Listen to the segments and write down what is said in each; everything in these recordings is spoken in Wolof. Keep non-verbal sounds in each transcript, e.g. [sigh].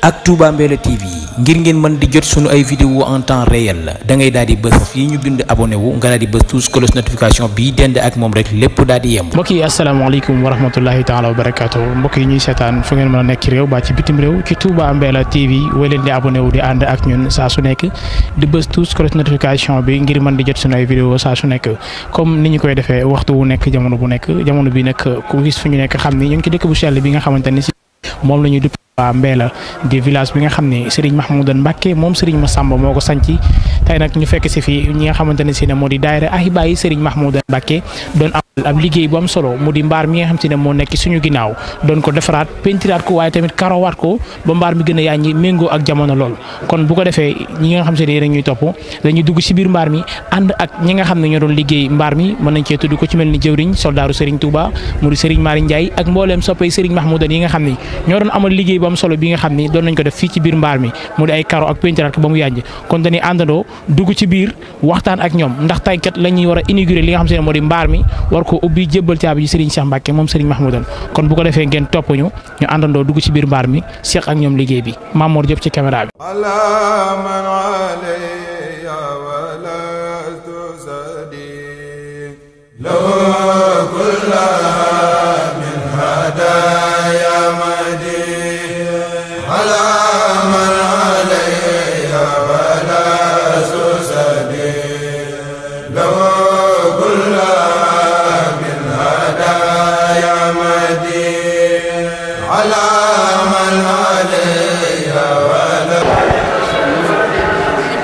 ak Touba TV ngir ngeen man di jot sunu ay vidéo en temps réel da ngay daal beuf yi ñu bind abonné wu nga daal beuf tous cloche notification bi dënd ak mom rek lepp daal yem. mbokk yi alaykum wa rahmatullahi taala wa barakatuh mbokk yi ñuy sétane fu ngeen mëna nekk ci réew ba ci bitim réew ci Touba Mbele TV way leen di abonné wu di and ak ñun sa su nekk di beuf tous cloche notification bi ngir man di jot sunu ay vidéo sa su nekk comme ni ñu koy défé waxtu wu nekk jamono bu nekk jamono bi nekk ku gis fu ñu nekk xamni ñu ngi dëkk bu xel bi nga xamanteni mom lañuy waa Mbéla di village bi nga xam ne Serigne Mahmoudan Mbacke moom Serigne Massamba moo ko sanc tey nag ñu fekk si fii ñi nga xamante ne si ne moo di daayira Ahiba yi Serigne Mahmoudan Mbacke doon amal ab liggéey mu di mbaar mi nga xam ne moo nekk suñu ginnaaw doon ko defaraat pentiraat ko waaye tamit karowaat ko ba mbaar mi gën a yaaññi méngoo ak jamono lool kon bu ko defee ñi nga xam se ne yéen ñuy topp dañuy dugg si biir mbaar mi ànd ñi nga xam ne ñoo doon liggéey mbaar mi mën nañ cee tudd ko ci mel ni jëwriñ soldaaru Serigne Touba mu di Serigne Mari Ndiaye ak mbooleem soppey Serigne Mahmoudan yi nga xam ne ñoo doon amal liggéey bu am solo bi nga xamni doon nañ ko def fi ci bir mbar mi mu di ay karo ak pencaraat ko bamuy yanj kon dañi àndandoo dugg ci bir waxtaan ak ñom ndax tay kat la wara inaugurer li nga xamni se di mi war ko ubbi jeebal ci abi Serigne Cheikh mbake mom Serigne Mahmoudan kon bu ko defé ngeen top ñu ñu barmi siak ci bir mbar mi Cheikh ak ñom liggey bi Mamour jop ci caméra bi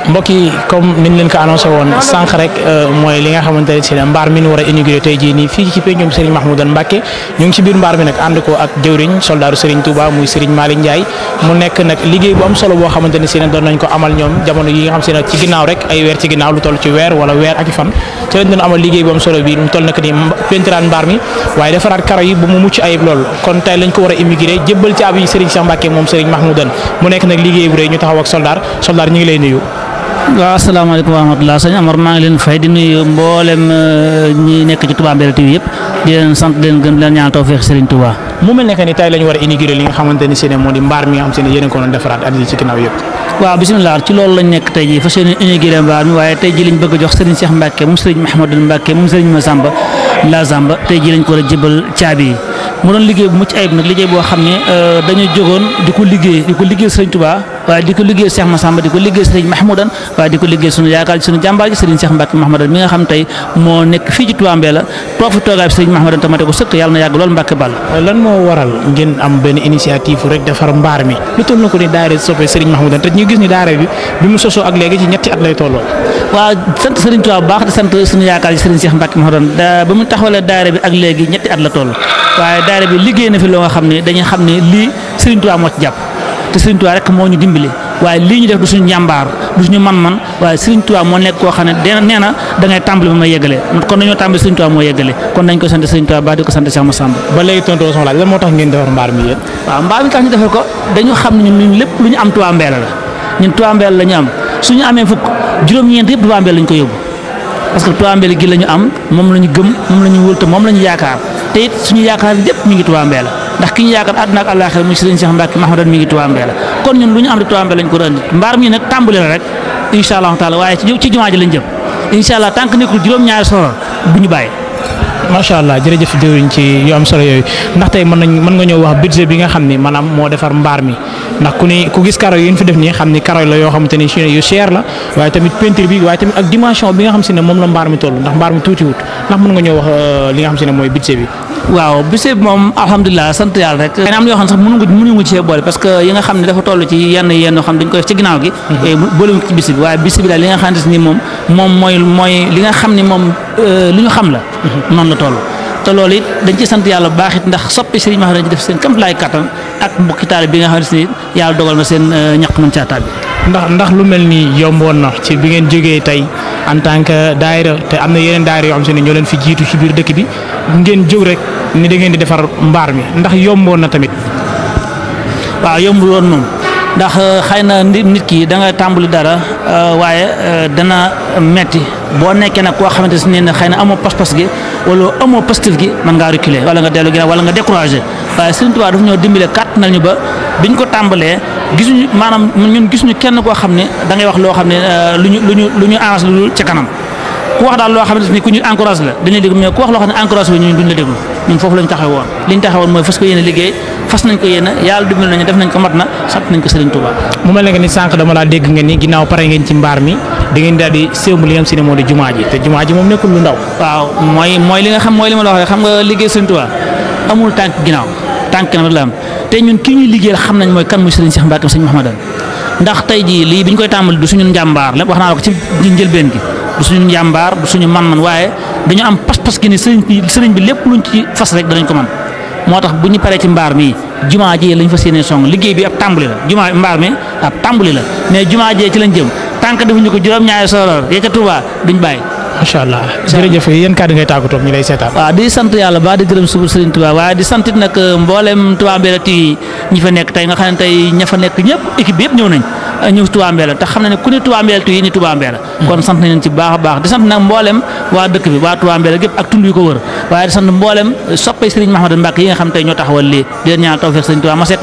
mbokki comme niñ leen ko annoncé won sank rek euh, moy li nga xamanteni ci mbar min wara mi ñu war a inauguré tey jii nii ci pencum Serigne Mahmoudan Mbacke ñu ngi ci biir mbar bi nak and ko ak jëwriñ soldaaru Serigne Touba muy Serigne Malick ndjay mu nek nak liggey bu am solo bo xamanteni seen si doon nañ ko amal ñom jamono yi nga xam seen ci ginnaw rek ay wër ci ginnaw lu toll ci wër wala wër ak fan ci lañ amal liggey bu am solo bi mu toll nak ni pentiraan mbar mi waye defaraat karo yi bu mu mucc ayib lool kon tay lañ ko wara immigré inauguré ci abi Serigne Cheikh Mbacke mom Serigne Mahmoudan mu nek nak liggey bu re ñu taxaw ak soldar soldaar ñi ngi lay nuyu waaw asalaamaaleykum wa rahmatulah sëñ Amar maa ngi leen fay di nuyu mboolem euh, ñi nekk ci Touba Mbella TV yëpp di sant leen gën di leen ñaan tawfeex Serigne Touba. mu mel ne que ni tey la ñu war a inauguré li nga xamante ni seen moo di mbaar mi nga xam seen a ko doon defaraat at ci ginnaaw yëpp. waaw bisimilah ci loolu lañ nekk tey jii lañ bëgg a jox Serigne Cheikh Mbacke moom Serigne Mahamadou Mbacke moom Serigne Massamba la Zamba tey jii lañ ko war a jébal caabi yi euh, di ko liggéey di ko liggéey Serigne waaye di ko liggéey Cheikh Massamba di ko liggéey Serigne Mahmoudan waaye di ko liggéey sunu yaakaar sunu jàmbaar ji Serigne Cheikh Mbacke Mahmoudan mi nga xam tey moo nekk fii ci Touba Mbella toog fi toogaay bi Serigne Mahmoudan tamate te ñu gis ni daara bi bi mu sosoo ak léegi ci ñetti at lay tolloo waaw sant Serigne Touba bu ba mu taxawalee daara bi ak léegi ñetti at la toll waaye daara bi liggéey na fi ne dañuy xam ne lii Serigne jàpp te Serigne Touba rek moo ñu dimbali waaye lii ñu def du suñu njàmbaar du suñu man-man waaye Serigne Touba moo nekk koo xam ne dina nee tàmbali ba may yeggalee kon dañoo tàmbali Serigne Touba moo yeggalee kon dañ ko sant Serigne Touba ba di ko sant Cheikh Massamba. ba léegi tontoo soxla lan mi yéen. waaw mbaar mi tax ñu defar ko dañu xam ne ñun lépp lu ñu am Touba Mbella la ñun Touba Mbella la ñu am suñu amee fukk juróom-ñeent yëpp Touba Mbella lañ ko ndax ki ñu yaakaar àdduna ak alakhir muy serigne Cheikh Mbacke mahamoud mi ngi tuambe la kon ñun luñu am di tuambe lañ ko rënd mbar mi nak tàmbali rek inshallah taala waye ci jumaa ji lañ jëm inshallah tank tànk nekkul juróom-ñaari soro bu ñu bàyyi macha allah jërëjëf jëwriñ ci yu am solo yoy ndax tay mën nañ mën nga ñëw wax budget bi nga xamni manam mo defar mbar mi ndax ku ni ku gis karo yi ñu fi def ni xamni ni la yo xamanteni ci yu cher la waye tamit peinture bi waye tamit ak dimension bi nga xam si ne moom la mbar mi tollu ndax mbar mi wut ndax mën nga ñëw wax eh, li nga xam si ne budget bi waaw bise bi moom alhamdulilah sant yàlla rek am na yoo xam sax mënu nga mënu boole parce que yi nga xam ne dafa toll ci yenn yenn yoo xam mhm. eh, ni moom moom mooy li nga xam ne moom euh, li ñu xam la mhm. noonu la toll te loolu dañ ci sant yàlla bu baax it ndax soppi sëriñ ma xam dañ ci def seen kamtalaay kattan ak mbokki taal bi nga xam ne si yàlla dogal na seen euh, ñaq mën caataa bi ndax ndax lu mel nii yomboon na ci bi ngeen jógee tey en tant que daayira te am na yeneen daayira yoo xam si ne ñoo leen fi jiitu ci biir dëkk bi ngeen jóg rek ni da ngeen di defar mbaar mi ndax yomboon na tamit. waaw yomb woon moom ndax euh, xëy na nit ki da nga tàmbali dara euh, waaye euh, dana metti boo nekkee nag koo xamante si ne nii xëy na amoo pas-pas gi wala amoo positif gi mën ngaa reculer wala nga dellu ginnaaw wala nga découragé waaye Sëriñ Tuubaa dafa biñ ko tàmbalee gisuñu maanaam ñun gisuñu kenn koo xam ne dangay wax loo xam ne euh, lu ñu lu ñu lu ñu arrange ca kanam ku wax daal loo xam ne ku ñu encourage la dañuy déglu loo xam ne encourage la ñun duñ la déglu ñun foofu lañ taxawoon liñ taxawoon mooy fas ko yéene liggéey fas nañ ko yéene yàlla dimbali nañu def nañ ko mat na sant nañ ko Serigne Touba. mu mel ne que ni sànq dama laa dégg ngeen ni ginnaaw pare ngeen ci mbaar mi da ngeen daal di séemu li nga xam ne moo di jumaa ji te jumaa ji moom nekkul lu ndaw. waaw mooy mooy li nga xam mooy li ma la waxee xam nga liggéey Serigne tànk ginnaaw tànk kanam la te ñun ki ñuy liggéeyal xam nañ mooy kan muy Serigne Cheikh Mbacke Serigne Mouhamadan ndax tey jii lii bi ñu koy tàmbali du suñu njàmbaar lépp wax naa ko ci njëlbeen gi du suñu suñu man-man waaye dañu am pas-pas gi ni sëriñ bi lépp luñ ci fas rek danañ ko man moo tax bu ñu paree ci mbaar mi jumaa jee lañ fas yéenee song liggéey bi ab tàmbali la jumaa mbaar mi ab tàmbali la mais jumaa jee ci lañ jëm tànk defuñu ko juróom-ñaari soroor ya ca Touba duñ bàyyi macha allah jërëjëf yéen kàddu ngay tàggatoo ñu lay seetaan. waaw di sant yàlla baax di gërëm suba Serigne Touba waaye di sant nag euh, mboolem Touba Mbella ñi fa nekk tey nga xam ne tey ña fa nekk ñëpp équipe bi yëpp ñëw nañ euh, ñëw Touba Mbella te xam na ne ku ne Touba Mbella TV ni Touba Mbella hmm. kon sant nañ leen ci baax a baax di sant nag mboolem waa dëkk bi waa Touba Mbella gépp ak tund yu ko wër waaye di sant mboolem soppe Serigne Mahamadou Mbacke yi nga xam tey ñoo taxawal lii di leen ñaanal tawfeex Serigne Touba ma sekk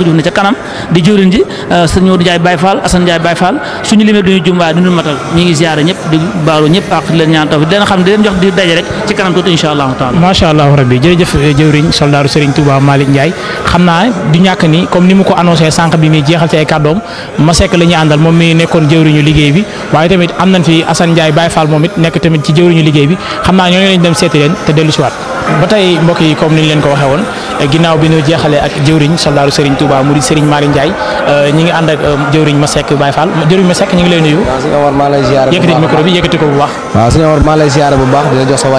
juuf ngi ziyaare ñëpp di baalu ñëpp ak di leen ñaan tawfeex di leen xam di leen jox di daje rek ci kanam tuuti insha allahu euh, soldaaru Serigne Touba Malick Ndiaye xam naa du ñàkk ni comme ni mu ko annoncé sànq bi muy jeexal ci ay kàddoom ma sekk la ñuy àndal moom mi nekkoon jëwriñu liggéey bi waaye tamit am nañ fi Assane Ndiaye Baye Fall moom it nekk tamit ci jëwriñu liggéey bi xam naa ñoo lañ dem seeti leen te dellu si waat ba tey mbokk yi comme ni ñu leen ko waxee woon ginnaaw bi ñu jeexalee ak jëwriñ soldaaru Serigne Touba mu di Serigne Malick Ndiaye euh, ñi ngi ànd ak euh, jëwriñ Masseck Baye Fall jëwriñ ñu ngi lay nuyu. waaw a baax a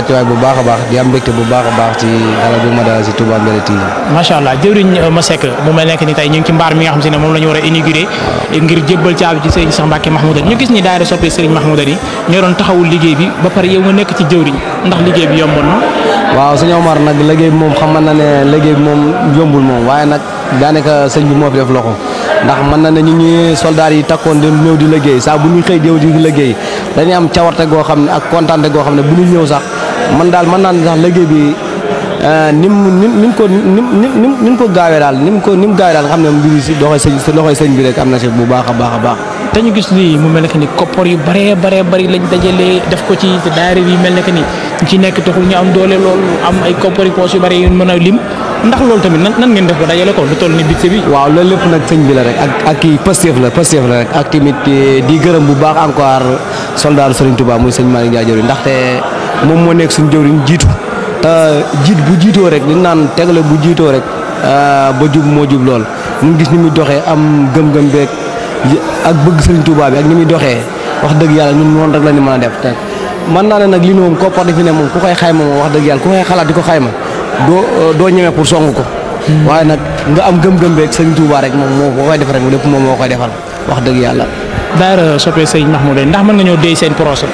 ma dalal allah jëwriñ euh, Masseck mu may nekk ni tey ñu ngi ci mbaar mi nga xam si ne moom la war a inauguré ngir jébbal caabi ci Serigne Cheikh Mbacké Mahmoudane ñu gis ni daayira soppee Serigne Mahmoudane yi ñoo taxawul liggéey bi ba pare yow nga nekk ci jëwriñ ndax liggéey bi yomboon na waaw sëñ Omar nag liggéey bi moom xam na ne liggéey bi moom yombul moom waaye nag daanaka sëñ bi moo fi def loxo ndax mën na ne ñu ñuy soldaar yi takkoon di ñëw di liggéey saa bu ñu xëy jëw di liggéey dañuy am cawarte goo xam ne ak kontaante goo xam ne bu ñu ñëw sax man daal mën naa ne sax liggéey bi euh, ni mu ni mu ko ni mu ni mu ko gaawee daal ni mu ko ni mu gaawee daal nga xam ne mbir si doxee sëñ si doxee sëñ bi rek am na si bu baax a baax a baax. te ñu gis lii mu mel ne que ni koppar yu bëree bëree bëri lañ dajalee def ko ci daayira yi mel ne que ni ñu ci nekk taxul ñu am doole loolu am ay koppari poche yu bari yu mën a lim ndax loolu tamit nan nan ngeen def ba dajale ko lu toll ni budget bi. waaw loolu lépp nag sëñ bi la rek ak ak kii Pastef la Pastef la rek ak tamit eh, di gërëm bu baax encore soldat Serigne Touba muy sëñ Malick Ndiaye jëwriñ ndaxte moom moo nekk suñu jëwriñ jiitu jiit bu jiitoo rek li naan tegale bu jiitoo rek eh, ba jub moo jub lool ñu gis ni muy doxee am gëm-gëm beeg ak bëgg Serigne Touba bi ak ni muy doxee wax dëgg yàlla ñun noonu rek la ñu mën a def man naa ne nag li ne moom koppar di fi ne moom ku koy xayma moom wax dëgg yàlla ku koy xalaat di ko ma doo euh, doo ñemee pour song ko. Hmm. waaye nag nga am gëm-gëm beeg sëñ Touba rek moom moo ko koy defal rek lépp moom moo koy defal wax dëgg yàlla. daara soppee sëñ Mahmoudane ndax mën nga ñëw déy seen projet.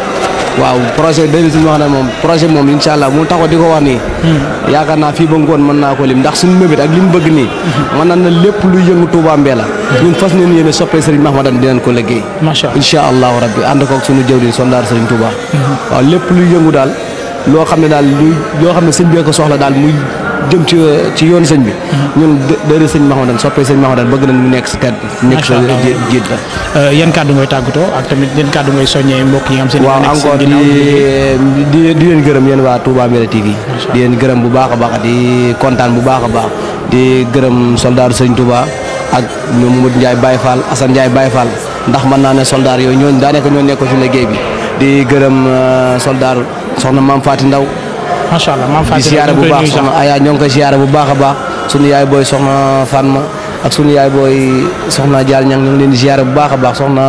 waaw projet bi dégg nga wax ne moom projet bi moom incha allah mu ko di ko wax nii. Hmm. yaakaar naa fii ba ngoon mën naa ko lim ndax suñu mébét ak li mu bëgg nii. Hmm. mën na ne lépp luy yëngu Touba Mbella. Hmm. ñun fas nañu yéene soppee Serigne Mahmadan dinañ ko liggéey. macha allah incha allahu rabbi ànd koog suñu jëw di sondaar Serigne Touba. waaw lépp luy yëngu daal loo xam ne daal luy loo xam ne si bi ko soxla daal muy jëm ci ci yoon señ bi ñun dëre señ Mahamadan soppé señ Mahamadan bëgg nañ mu nekk ci kat nekk sa jiit euh yeen kaddu ngay tàggatoo ak tamit yeen kaddu ngay soñé mbokk yi nga xam seen wa encore di di di leen gërëm yéen Touba Mbella TV di leen gëreem bu baaxa baax di contane bu baaxa baax di gëreem soldat señ Touba ak ñoom mamadou Ndiaye Baye Fall Assane Ndiaye Baye Fall ndax man na ne soldat yooyu ñoo daanaka ñoo nekk ci liggéey bi di gëreem euh, soldat soxna mam Faty Ndaw macha allah maam Fatou di ziar bu baax soxna Aya ñoo ngi koy ziar bu baax a baax sunu yaay booy soxna Fatma ak sunu yaay booy soxna Dial ñang ñu leen di ziar bu baax a baax soxna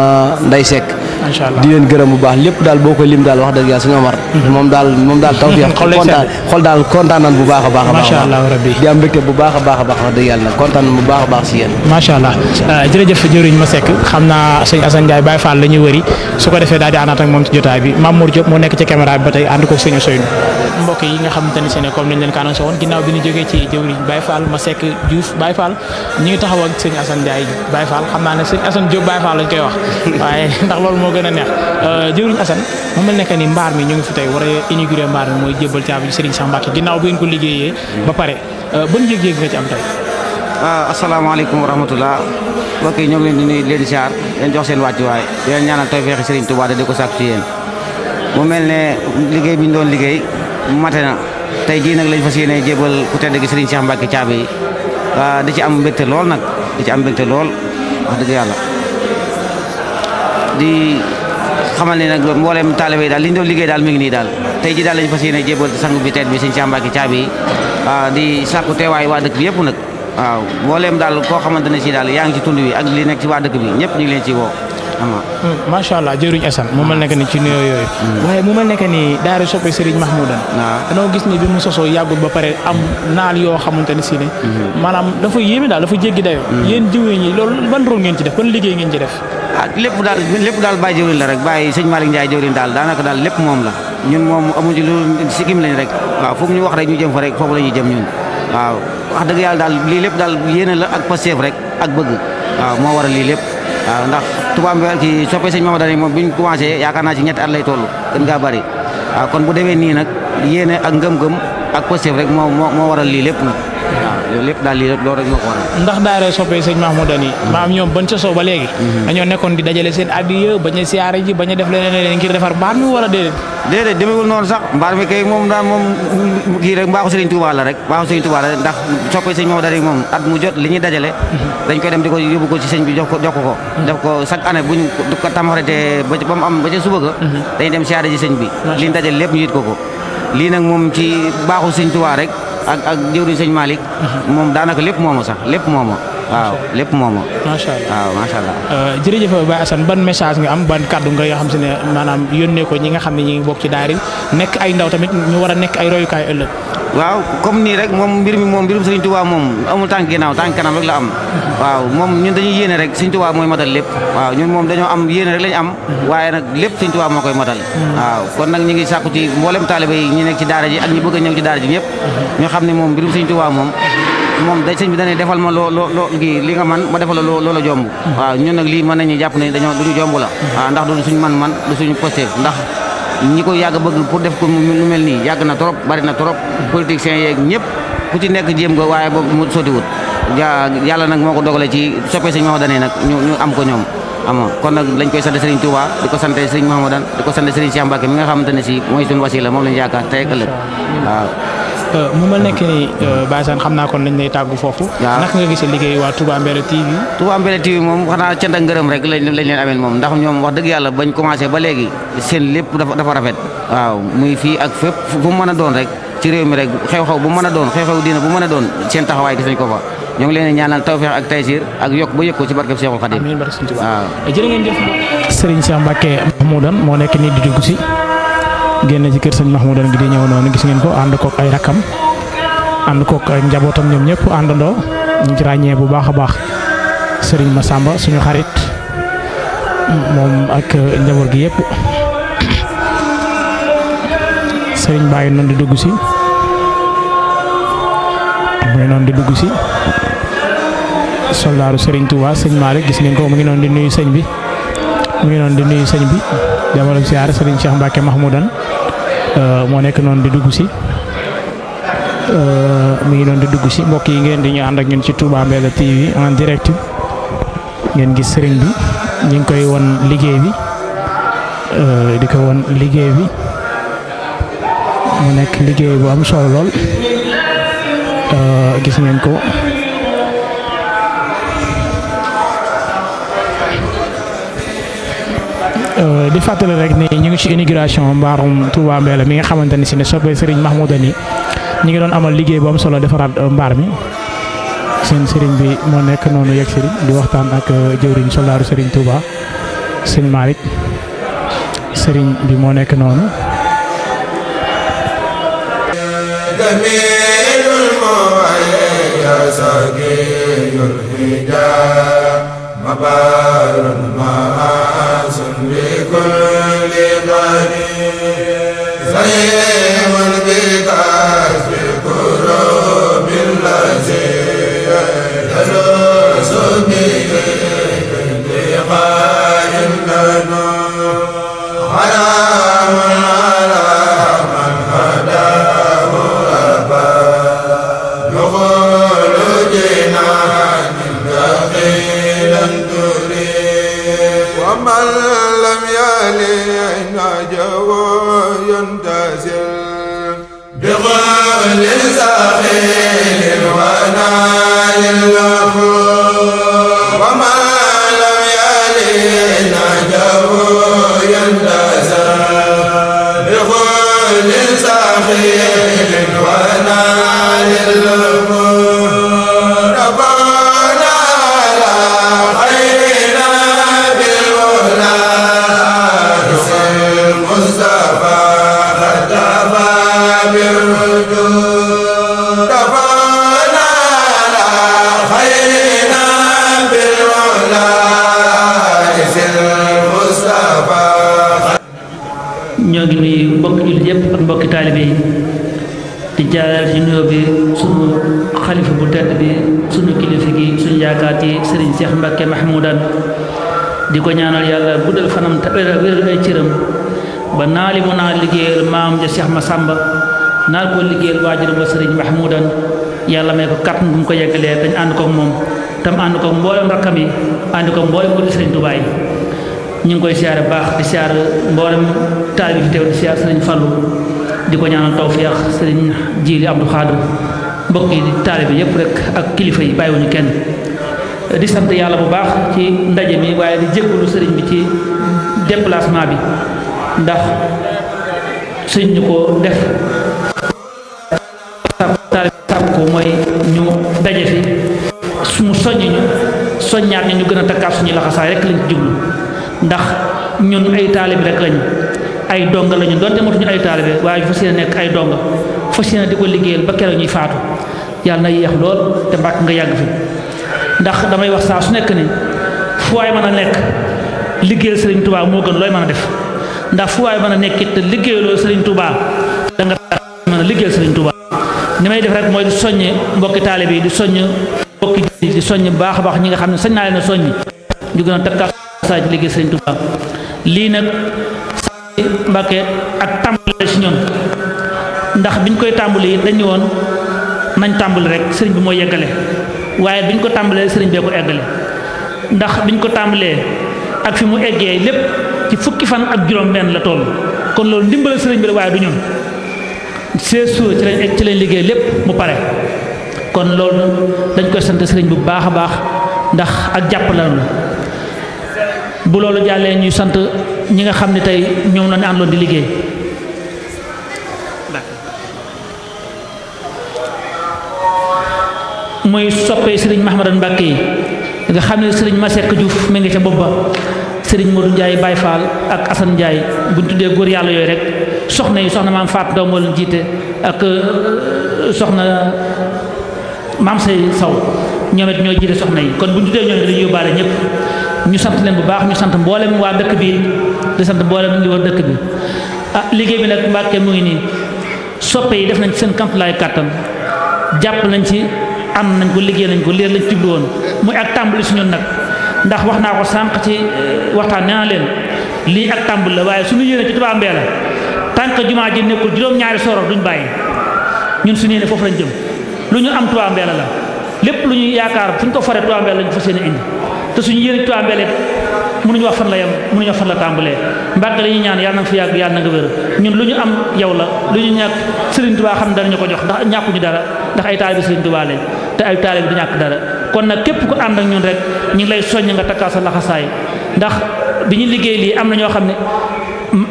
Ndey Seck macha allah di leen gërëm bu baax lépp daal boo ko lim daal wax dëgg yàlla suñu Omar mhm. moom daal moom daal [laughs] tawfiq kontaan xol daal kontaan nan bu baax a baax a baax macha allah rabbi di am mbégte bu baax a baax a baax wax dëgg yàlla kontaan bu baax a baax si yéen macha allah euh, jërëjëf jëriñ ma sekk xam naa sëñ Assane Ndiaye Baye Fall la ñuy wëri su ko defee daal di àndaat ak moom ci jotaay bi Mamour Diop moo mbokk yi nga xamante ni seen comme nañ leen ko annoncé woon ginnaaw bi ñu jógee ci jëwriñ Baye Fall ma sekk Diouf Baye Fall ñu ngi taxaw ak sëñ Assane Ndiaye Baye Fall xam naa [laughs] moo gën a neex euh, jëwriñ Assane mu mel nekk ni mbaar mi ñu ngi fi tey war a mooy jébbal caabi Serigne Sam ko liggéeyee ba pare euh, ban yëg-yëg nga ci am ah, wa rahmatullah mbokk yi ñoo ngi leen di nuyu jox seen wàccuwaay di leen ñaanal tawfeexi Serigne Touba da di ko sàkku ci yéen mu mel ne liggéey bi ñu doon liggéey mate na tey jii nag lañ fas yéene jébal ku tedd gi Serigne Cheikh Mbacke caabi yi ah, di ci am mbégte lool nag di ci am mbégte lool wax dëgg yàlla di xamal ne nag mboolem taalibe yi daal li ñu doon liggéey daal mi ngi nii daal tey jii daal lañ fas yéene jébal sang bi tedd bi Serigne Cheikh Mbacke caabi yi ah, di sàkku teewaay waa dëkk bi yëpp nag waaw mboolem daal koo xamante ne si daal yaa ngi ci tund wi ak li nekk ci waa dëkk bi ñëpp ñu ngi leen ci woo macha hmm, allah jëriñ Assane mu mel nekk ni ci nuyoo hmm. waaye mu mel nekk ni daara soppe Serigne Mahmoudan. waaw danoo gis ni bi mu sosoo yàggul ba pare am naal yoo xamante ne si ne. Hmm. maanaam dafa yéeme daal dafa jéggi dayoo. yéen jiwee ñi loolu ban rôle ngeen ci def ban liggéey ngeen ci def. ah lépp daal lépp daal jëwriñ la rek bàyyi sëñ Malick Ndiaye jëwriñ daal daanaka daal lépp moom la ñun moom amuñu lu sikkim lañ rek waaw foofu ñu wax rek ñu jëm fa rek foofu la ñuy jëm ñun waaw wax dëgg yàlla daal lii lépp daal yéene la ak passeef rek ak bëgg waaw moo waral lii Touba Mbéwél ki soppe sëñ Mamadou moom bi ñu commencé yaakaar naa ci ñetti lay toll gën ngaa bari waaw kon bu demee nii nag yéene ak ngëm-ngëm ak positif rek moo moo waral lii lépp loolu lépp daal lii loolu rek moo ko waral ndax daara soppee sëñ Mahmoudane yi mm-hmm. maam ñoom ban sosoo ba léegi mm-hmm. dañoo nekkoon di dajale seen addiya bañ a siyaare a li ñuy dajale mm-hmm. dañ koy dem di ko yóbbu ko ci sëñ bi jox ko jox ko def ko chaque année buñ ko tamaxarete ba mu am ba ca suba ga dañuy dem siyaare ji sëñ bi li ñu dajale lépp ñu yit ko lii nag moom ci baaxu sëñ Tuubaa rek ak ak jëwriñ sëñ Malick. Mhm. moom daanaka lépp moomu sax lépp moomu. waaw lépp moomu. macha allah waaw macha allah. Euh, jërëjëf Baye Assane ban message nga am ban kàddu nga xam si ne maanaam yónnee ko ñi nga xam ne ñi ngi bokk ci daara nekk ay ndaw tamit ñu war a nekk ay royukaay ëllëg. waaw comme nii rek moom mbir mi moom mbirum Serigne Touba moom amul tànk ginnaaw tànk kanam rek la am waaw moom ñun dañuy yéene rek Serigne Touba mooy matal lépp waaw ñun moom dañoo am yéene rek lañu am nag lépp Serigne Touba moo koy matal waaw nag ñu ngi sàkku ci mboolem taalibe yi ñu nekk ci daara ji ak ñi bëgg a ñëw ci daara ji ñëpp ñu xam ne moom mbirum Serigne Touba moom moom da sëñ bi dane defal ma loo loo loo li nga man ma defal la loola jomb waaw ñun nag lii mën nañu jàpp ne dañoo duñu jomb la waaw ndax du suñu man man du suñu posté ndax ñi ko yàgg bëgg pour def ko lu mel nii yàgg na trop bari na trop politiciens yeeg ñëpp ku ci nekk jéem ko waaye boobu mu sotiwut ja yàlla nag moo ko dogale ci soppe sëñ Mahmoudane nag ñu ñu am ko ñoom amoon kon nag lañ koy sant Serigne Touba di ko sant Serigne Mahmoudane di ko sant Serigne Cheikh Mbacke mi nga xamante ne si mooy suñu wasila moom lañ yaakaar tey ëllëg waaw mu euh, ma nekk ni euh, Baye Sane xam naa kon lañ lay tàggu foofu. waaw naka nga gisee liggéey waa Touba Mbella TV. Touba Mbella TV moom xanaa cant ngërëm rek lañ leen amee moom ndax ñoom wax dëgg yàlla bañ commencé ba léegi seen lépp dafa dafa rafet. waaw muy fii ak fépp fu mu a doon rek ci réew mi rek xew-xew bu mën a doon xew-xew diina bu mën a doon seen taxawaay gis nañ ko fa. ñoo leen ñaanal tawfeex ak taysiir ak yokk ba yëkkoo ci barkeb Seexul Xadiim. waaw. jërë Gini ci kër sëñ Mahmoudan gi di ñëw noonu gis ngeen ko and ko ay rakam and ko ay njabotam ñom ñëpp andando ñu ci rañé bu baaxa baax masamba, Massamba suñu xarit mom ak njaboot gi yépp sëriñ baye non di dugg ci sering non di dugg ci soldaru sëriñ Touba sëñ malik gis ngeen ko mu ngi non di nuyu bi mu ngi non di nuyu bi dama doon siyaare Serigne Cheikh Mbacke Mahmoudan euh, moo nekk noonu di dugg si euh, mu ngi noonu di dugg si mbokk yi ngeen di ñu ànd ak ñun ci Touba Mbella TV en direct ngeen gis Serigne bi ñu ngi koy won liggéey bi euh, di ko won liggéey bi mu nekk liggéey bu am solo lool gis ngeen ko. Euh, di fàttali rek ni ñu ngi ci inauguration mbaarum Touba Mbella mi nga xamante ni si ne soppee Serigne Mahmoudani ñu ngi doon amal liggéey bu am solo defaraat euh, mbaar mi seen Serigne bi moo nekk noonu yegg Serigne di waxtaan ak euh, jëwriñ soldaaru Serigne Touba sëñ Malick Serigne bi moo nekk noonu. جميل المعين ساقي الهجاج مبار معاص بكل قريب زيم بكاس بقرب الذي يدرس به الغنى ñoo ngi nuyu mbokki jullit yépp ak mbokki taalibe yi di jaaral ci nuyoo bi sunu xalifa bu tedd bi sunu kilifa gi sunu yaakaar ci sëriñ Cheikh Mbacke Mahmoudan di ko ñaanal yàlla guddal fanam ta te wéral ay cëram ba naali mu naa liggéeyal maam ja Cheikh Massamba naal ko liggéeyal waajuram ba sëriñ Mahmoudan yàlla may ko kàttan bu mu ko yeggalee dañ ànd ko moom tam ànd ko mboolem rakkam yi ànd ko mboolem ko di sëriñ Tuubaa ñu ngi koy siar baax di siar mbolam talib teew di siar sëriñ Fallu diko ñaanal tawfiq sëriñ jili abdou khadim mbokk yi talib yépp rek ak kilifa yi bayiwuñu kenn di sant yalla bu baax ci ndaje mi waye di jéggulu sëriñ bi ci déplacement bi ndax suñ ñu ko def taalibe sàpp ko mooy ñu daje fi mu soññ ñu soññaat ñu gën a suñu laxasaay rek lañ jublu ndax ñun ay taalibe rek lañu ay donga lañu donte matuñu ay taalibe waaye fas yéene nekk ay donga fas yéene di ko liggéeyal ba keroog ñuy faatu yàlla na yéex lool te mbàkk nga yàgg fi ndax damay wax saa su nekk ni fu waay mën a nekk liggéeyal Serigne tubaa moo gën looy mën a def ndax fu waay mën a nekk it liggéeyaloo Serigne Touba da nga mën a liggéeyal Serigne Touba ni may def rek mooy di soññ mbokki taalibe yi di soññ mbokki di soññ baax a baax ñi nga xam ne sañ naa leen a soññ ñu saa ci liggéey sëñ lii nag sëñ Mbàkke ak tàmbali si ñoom ndax biñ koy tàmbali dañu woon nañ tàmbali rekk sëriñ bi mooy yeggale waaye biñ ko tàmbalee sëriñ bee ko eggale ndax biñ ko tàmbalee ak fi mu eggee lépp ci fukki fan ak juróom-benn la tool kon loolu ndimbala sëriñ bi waaye du ñoom seize jours ci lañ ci lañ liggéey lépp mu pare kon loolu dañ koy sant sëriñ bu baax a baax ndax ak jàpp la bu loolu jàllee ñu sant ñi nga xam ne tey ñoom la ñu àndoon di liggéey muy soppee sëriñ Mahamadan Mbàkke yi nga xam ne sëriñ Masek Diouf mi ngi ca bopp ba sëriñ Modou njaay Baye Fall ak Assane njaay bu tuddee góor yàlla yooyu rek soxna yi soxna maam Faat Ndaw moo leen jiite ak euh, soxna maam say Saw ñoom it ñoo jiite soxna yi kon bu ñu tuddee ñoom dañuy yóbbaale ñëpp. ñu sant leen bu baax ñu sant mboolem wa dekk bi di sant mboolem li war dekk bi ah liggéey bi nak mbàkke mu ngi ni soppe yi def nañ seen camp lay katam japp nañ ci am nañ ko liggéey nañ ko leer lañ ci doon muy ak tàmbali suñu nak ndax waxna ko sank ci eh, waxtan na leen li ak tambul la waye suñu yéene ci tuba Mbélla la tànk jumaa ji nekkul juroom ñaari soro duñ bàyyi ñun suñu yéene fofu lañ jëm lu ñu am tuba Mbélla la lepp lu ñu yaakaar fu ko faré tuba Mbélla lañ fassiyene indi te suñu yëri tu ambelé mënuñu wax fan la yam mënu ñu fan la tambalé mbagal yi ñaan yalla nga fi yag yalla nga wër ñun luñu am yow la luñu ñak serigne touba xam dañ ñako jox ndax ñu dara ndax ay talib serigne touba lañ te ay talib du ñak dara kon nak kep ku and ak ñun rek ñi lay soñ nga takka la laxasay ndax biñu liggéey li am na ño xamné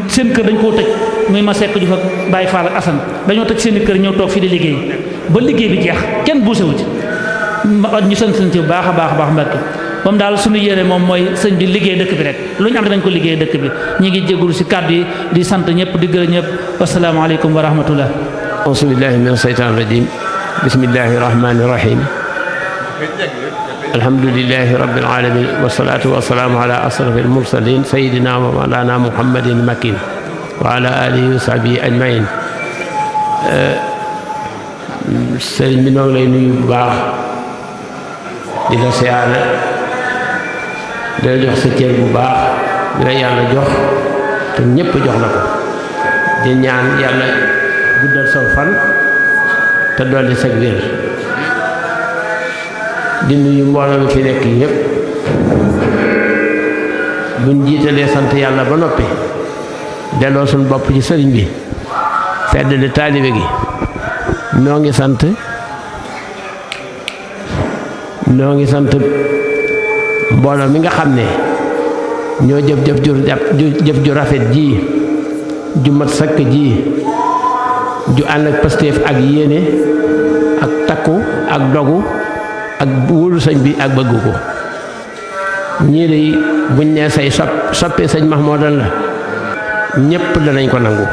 seen kër dañ ko tej muy ma sekk ju fa bàyyi faal ak asan dañu tej seen kër ñëw tok fi di liggéey ba liggéey bi jeex kenn wu ci ñu sant sant bu baaxa baax baax moom daal suñu yéene moom mooy sëñ bi liggéey dëkk bi rek lu ñu am dañ ko liggéey dëkk bi ñi ngi jégalu si kàddu di sant ñëpp di gërëm ñëpp wasalaamaaleykum wa rahmatullah auzu billahi min seytaan rajim bismillahi rahmani rahim alhamdulillahi rabbil alamin wasalaatu wasalaamu ala asrafil mursalin sayidina wa mawlana muhammadin makin wa ala alihi wa sahbihi ajmain sëriñ bi noo lay nuyu bu baax di la siyaare dina jox sa cër bu baax bi yàlla jox te ñépp jox la ko di ñaan yàlla guddal saw fan te dolli sag wér di nuyu mbooloo mi fi nekk yépp buñ jiitalee sant yàlla ba noppi delloo suñ bopp ci sëriñ bi fedd di taalibe gi noo ngi sant noo ngi sant mbooloo mi nga xam jep ñoo jëf jëf ju jëf ju rafet ji ju mat sakk ji ju ànd ak pasteef ak yéene ak takku ak dogu ak wóolu sëñ bi ak bëgg ko ñii de buñ nee say sopp soppee sëñ Mahmoudan la ñépp danañ ko nangu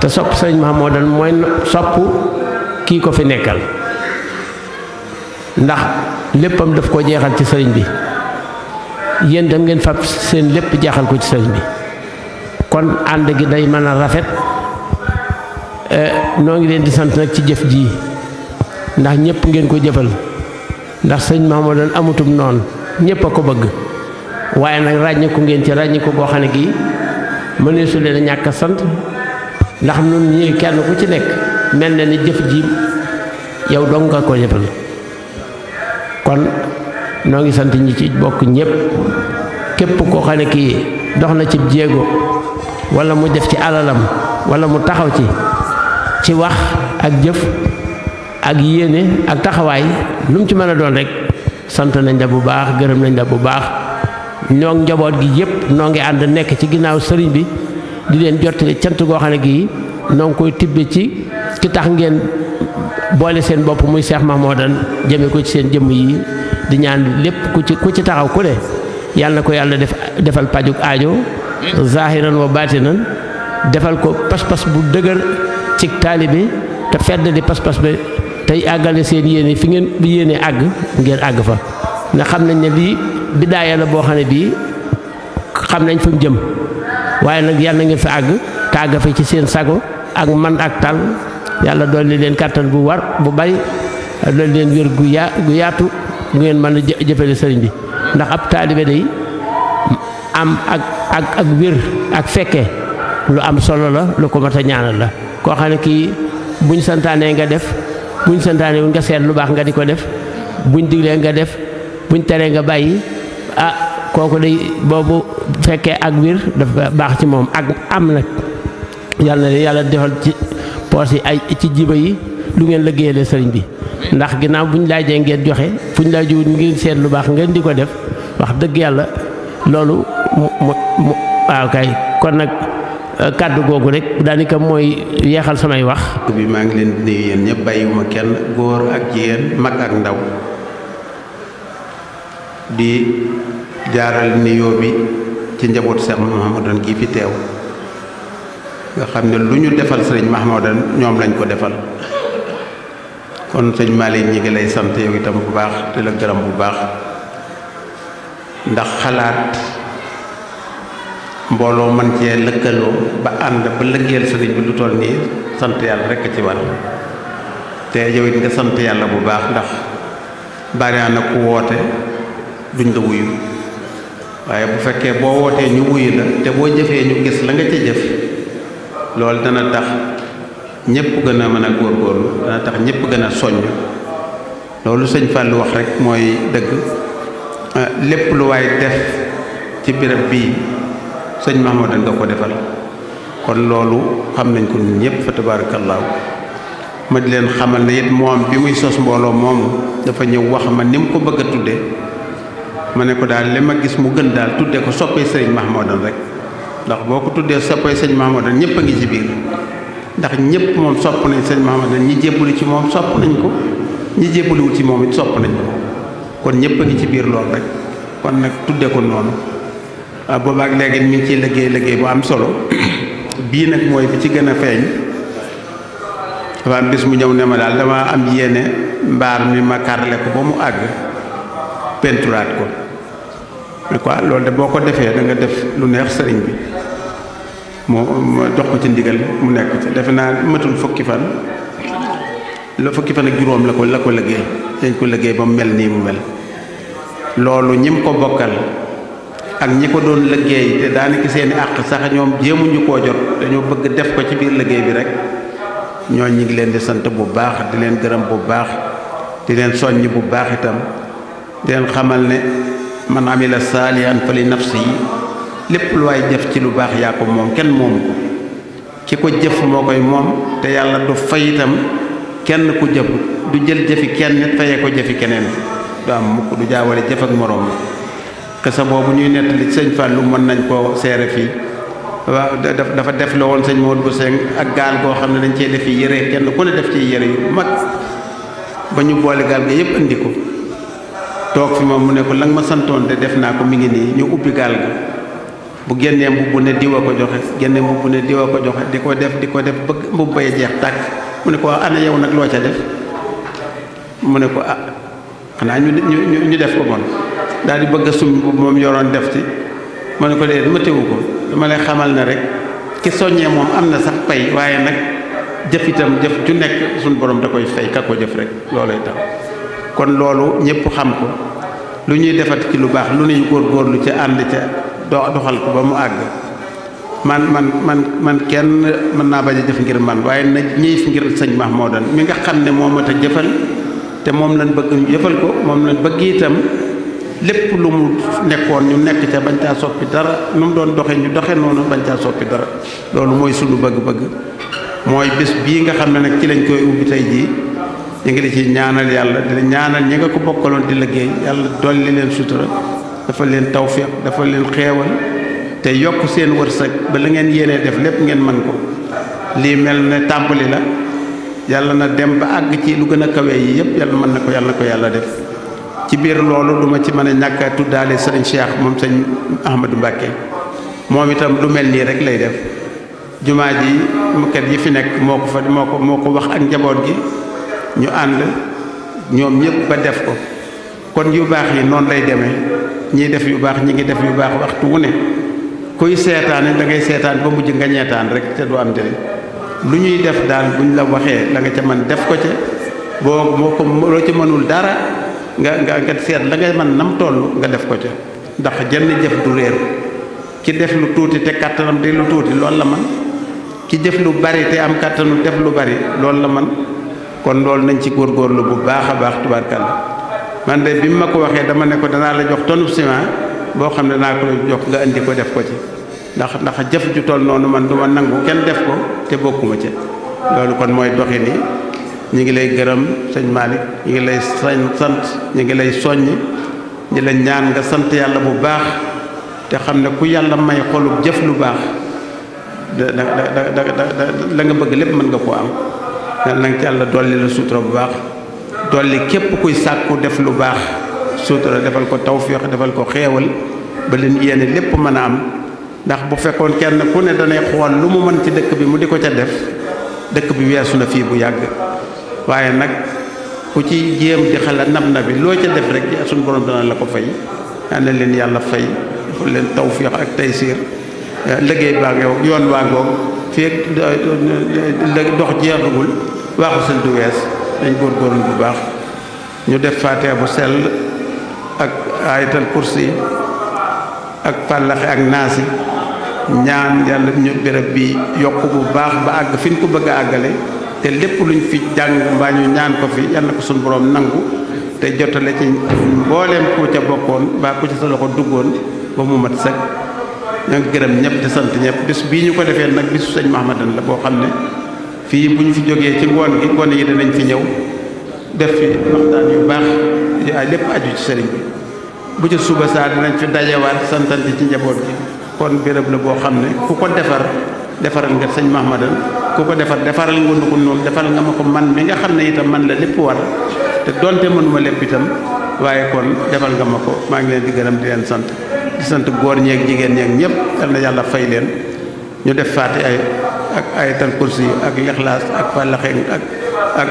te sopp sëñ Mahmoudan mooy sopp kii ko fi nekkal ndax léppam daf ko jeexal ci sëriñ bi yéen dem ngeen fab seen lépp jeexal ko ci sëriñ bi kon ànd gi day mën a rafet eh, noo ngi leen di sant nag ci jëf ji ndax ñëpp ngeen ko jëfal ndax sëñ Mahamadan amutum noon ñëpp a ko bëgg waaye nag ràññeeku ngeen ci ràññeeku boo xam ne gii mënee su leen a ñàkk a sant ndax nun ñii kenn ku ci nekk mel na ni jëf ji yow dong nga ko jëfal kon noo ngi sant ñi ci bokk ñëpp képp koo xane kii dox na ci jéego walla mu def ci alalam wala mu taxaw ci ci wax ak jëf ak yéene ak taxawaay lu ci mën a doon rekk sant nañ la bu baax gërëm nañ la bu baax ñoo njaboot gi yëpp noo ngi ànd nekk ci ginnaaw sëriñ bi di leen jottali cant goo xam gii noo ngi koy tibbe ci ki tax ngeen boole seen bopp muy Cheikh Mahmoudan jëme ko ci seen jëmm yi di ñaan lépp ku ci ku ci taxaw ku ne yàlla na ko yàlla def defal pajuk aajo zahiran wa baatinan defal ko pas-pas bu dëgër ci taalibe te fedd di pas-pas bi tey àggale seen yéene fi ngeen yéene àgg ngeen àgg fa ndax xam nañ ne lii bidaaya yàlla boo xam ne bii xam nañ fa mu jëm waaye nag yàlla ngeen fa àgg tàgg fa ci seen sago ak man ak tal yàlla dolli leen kàttan bu war bu bari dolli leen wér gu yaa gu yaatu bu ngeen mën a jëfale sëriñ bi ndax ab taalibe day am ak ak ak wér ak fekke lu am solo la lu ko mat a la koo xam ne kii buñ santaanee nga def buñ santaanee nga seet lu baax nga di ko def buñ diglee nga def buñ teree nga bàyyi a ah, kooku day boobu fekkee ak wér dafa baax ci moom ak am nag yàlla na yàlla defal ci poos yi ay ci jiba yi lu ngeen liggéeyale sëriñ bi ndax ginnaaw bu ñu jee ngeen joxe fu ñu laajewut ngeen seet lu baax ngeen di ko def wax dëgg yàlla loolu mu mu waaw kay kon nag euh, kàddu googu rek daanaka mooy yeexal samay wax bi maa ngi leen di nuyu yéen ñëpp bàyyiwuma kenn góor ak jigéen mag ak ndaw di jaaral nuyoo bi ci njaboot Seex Muhammadan gi fi teew nga xam ne lu ñu defal sëriñ Mahmoudan ñoom lañ ko defal kon sëñ Malick ñu ngi lay sant yow itam bu baax te la gërëm bu baax ndax xalaat mbooloo man cee lëkkaloo ba ànd ba lëggeel sëriñ bi lu toll nii sant yàlla rekk ci war te yow it nga sant yàlla bu baax ndax bari na ku woote duñ la wuyu waaye bu fekkee boo wootee ñu wuyu la te boo jëfee ñu gis la nga ca jëf lol dana tax ñepp gëna mëna gor gor dana tax ñepp gëna soñ lolou loolu fall wax rek moy deug ah, lepp lu way def ci béréb bii sëñ Mahmoudan nga ko defal kon lolou xam nañ ko ñepp fa tabarakallah ma di len xamal ne yit mom bi muy sos mbolo mom dafa ñew wax ma nim ko bëgg tuddé mané ko daal lima gis mu gën daal tuddé ko soppé sëriñ mahamoud rek ndax boo ko tuddee soppay sëñ Mahmoudan ñëpp a ngi ci biir ndax ñëpp moom sopp nañ sëñ Mahmoudan ñi jébbalu ci moom sopp nañ ko ñi jébbaluwul ci moom it sopp nañ ko kon ñëpp a ngi ci biir lool rek kon nag tuddee ko noonu ah boobaak léegi mi ngi ciy liggéey liggéey bu am solo [clears throat] bii nag mooy bi ci gën a feeñ dafa am bis mu ñëw ne ma daal dama am yéene mbaar mi ma karle ko ba mu àgg penturaat ko ne loolu de boo ko defee da nga def lu neex sëriñ bi moo jox ko ci ndigal mu nekk ci defe naa matul fukki fan la fukki fan ak juróom la ko la ko liggéey dañ ko liggéey ba mu mel nii mu mel loolu ñim ko bokkal ak ñi ko doon liggéey te daanaka seeni àq sax ñoom jéemuñu koo jot dañoo bëgg def ko ci biir liggéey bi rek ñoo ñi ngi leen di sant bu baax di leen gërëm bu baax di leen soññ bu baax itam di leen xamal ne man amila saalihan fa li nafsi yi lépp lu waay jëf ci lu baax yaa ko moom kenn moomu ko ki ko jëf moo koy moom te yàlla du fay itam kenn ku jëf du jël jëfi kenn nit fayee ko jëfi keneen du am mukk du jaawale jëf ak moroom kese boobu ñuy nettali sëñ Fallou mën nañ koo seere fii waaw dafa def la woon sëñ Modou Seng ak gaal goo xam ne dañ cee def yi yëre kenn ku ne def ci yëre yu mag ba ñu boole gaal ga yëpp indi ko toog fi moom mu ne ko la ma santoon de def naa ko mu ngi nii ñu ubbi gaal ga bu génnee mbubb ne diwa ko joxe génne mbubb ne diwa ko joxe di ko def di ko def bëgg mbubb bay jeex tàkk ne ko waaw ana nag loo ca def mu ne ko ah xanaa ñu ñu def ko bon daal di bëgg a sumb bu moom yoroon def ci mu ne ko déedéet ma tewu ko dama lay xamal ne rek ki soññee moom am na sax pay waaye nag jëf itam jëf ju nekk suñu borom da koy fay ka ko jëf rek loolay tax kon loolu ñëpp xam ko lu ñuy defat ci lu baax lu ñuy góorgóorlu ca ànd ca doxal ko ba mu àgg man man man man kenn mën naa bañ a jëf ngir man waaye na ñëf ngir sëñ Mahmoudan mi nga xam ne moo mat a jëfal te moom lañ bëgg ñu ko moom lañ bëgg itam lépp lu mu nekkoon ñu nekk ca bañ caa soppi dara nu mu doon doxee ñu doxe noonu bañ caa dara loolu mooy sunu bëgg-bëgg mooy bés bii nga xam ne nag ci lañ koy ubbi tey jii ñu ngi la ci ñaanal yàlla di ñaanal ñi nga ko bokkaloon di liggéey yàlla dolli leen sutura dafa leen tawfiq dafa leen xeewal te yokk seen wërsëg ba la ngeen yéenee def lépp ngeen mën ko lii mel na tàmbali la yàlla na dem ba àgg ci lu gën a kawe yi yëpp yàlla mën na ko yàlla ko yàlla def ci biir loolu du ma ci mën a ñàkk a tuddaale sëriñ Cheikh moom sëñ Ahmadou Mbacke moom itam lu mel nii rek lay def jumaa ji mukket yi fi nekk moo ko fa moo ko moo ko wax ak njaboot gi ñu ànd ñoom ñëpp ba def ko kon yu baax yi noonu lay demee ñiy def yu baax ñi ngi def yu baax waxtu wu ne kuy seetaane da ngay seetaan ba mujj nga ñeetaan rek te du am njëriñ lu ñuy def daal buñ la waxee la nga ca man def ko ca boo moo ko loo ci mënul dara nga nga seet la ngay man nam toll nga def ko ca ndax jënn jëf du réer ki def lu tuuti te kattanam di lu tuuti loolu la man ki jëf lu bari te am kattanu def lu bari loolu la man kon lol nañ ci lu bu baakha a baax man de bi mako waxe dama ne ko dana la jox tonu ciment bo xamne na ko jox nga andi ko def ko ci ndax ndax jef ju tol nonu man duma ma nangu kenn def ko te bokuma ci lolou kon moy doxi ni ñu ngi lay gërëm malik ñi ngi lay sant ñi ngi lay soññ ñi la ñaan nga sant yalla bu baax te xamne ku yalla may xolub jef lu baax da da da da la nga bëgg lepp man nga ko am yàlla na ci yàlla dolli la suutura bu baax dolli képp kuy sàkku def lu baax suutura defal ko tawfiix defal ko xeewal ba leen yéene lépp mën a am ndax bu fekkoon kenn ku ne danay xool lu mu mën ci dëkk bi mu di ko ca def dëkk bi weesu na fii bu yàgg waaye nag ku ci jéem di xalaat nab na bi loo ca def rek suñu borom dana la ko fay yal na leen yàlla fay defal leen tawfiix ak taysiir liggéey baa yow yoon waa ngoog fii dox jeexagul waaxu sëñ du wees dañ góorgóorlu bu baax ñu def faatee bu sel ak ayatal kursi ak pàllaxe ak naasi ñaan yàlla ñu béréb bi yokk bu baax ba àgg fi ñu ko bëgg àggale te lépp luñ fi jàng mbaa ñu ñaan ko fi yàlla ko suñu borom nangu te jotale ci mbooleem ku ca bokkoon mbaa ku ca sa loxo duggoon ba mu mat sëkk ñoo gërëm ñëpp di sant ñëpp bis bii ñu ko defee nag bisu sëñ Mahamadan la boo xam ne fii bu ñu fi jógee ci ngoon gi ngoon yi danañ fi ñëw def fi waxtaan yu baax ay lépp aju ci sëriñ bi bu ca suba saa danañ fi dajewaat santante ci njaboot gi kon béréb la boo xam ne ku ko defar defaral nga sëñ Mahmadan ku ko defar defaral nga nu ko noonu defaral nga ma ko man mi nga xam ne itam man la lépp war te donte mënuma lépp itam waaye kon defal nga ma ko maa ngi leen di gërëm di leen sant di sant góor ñeeg jigéen ñeeg ñëpp yal yàlla fay leen ñu def faati ay ak ayatal kursi ak lixlaas ak fàllaxeñ ak ak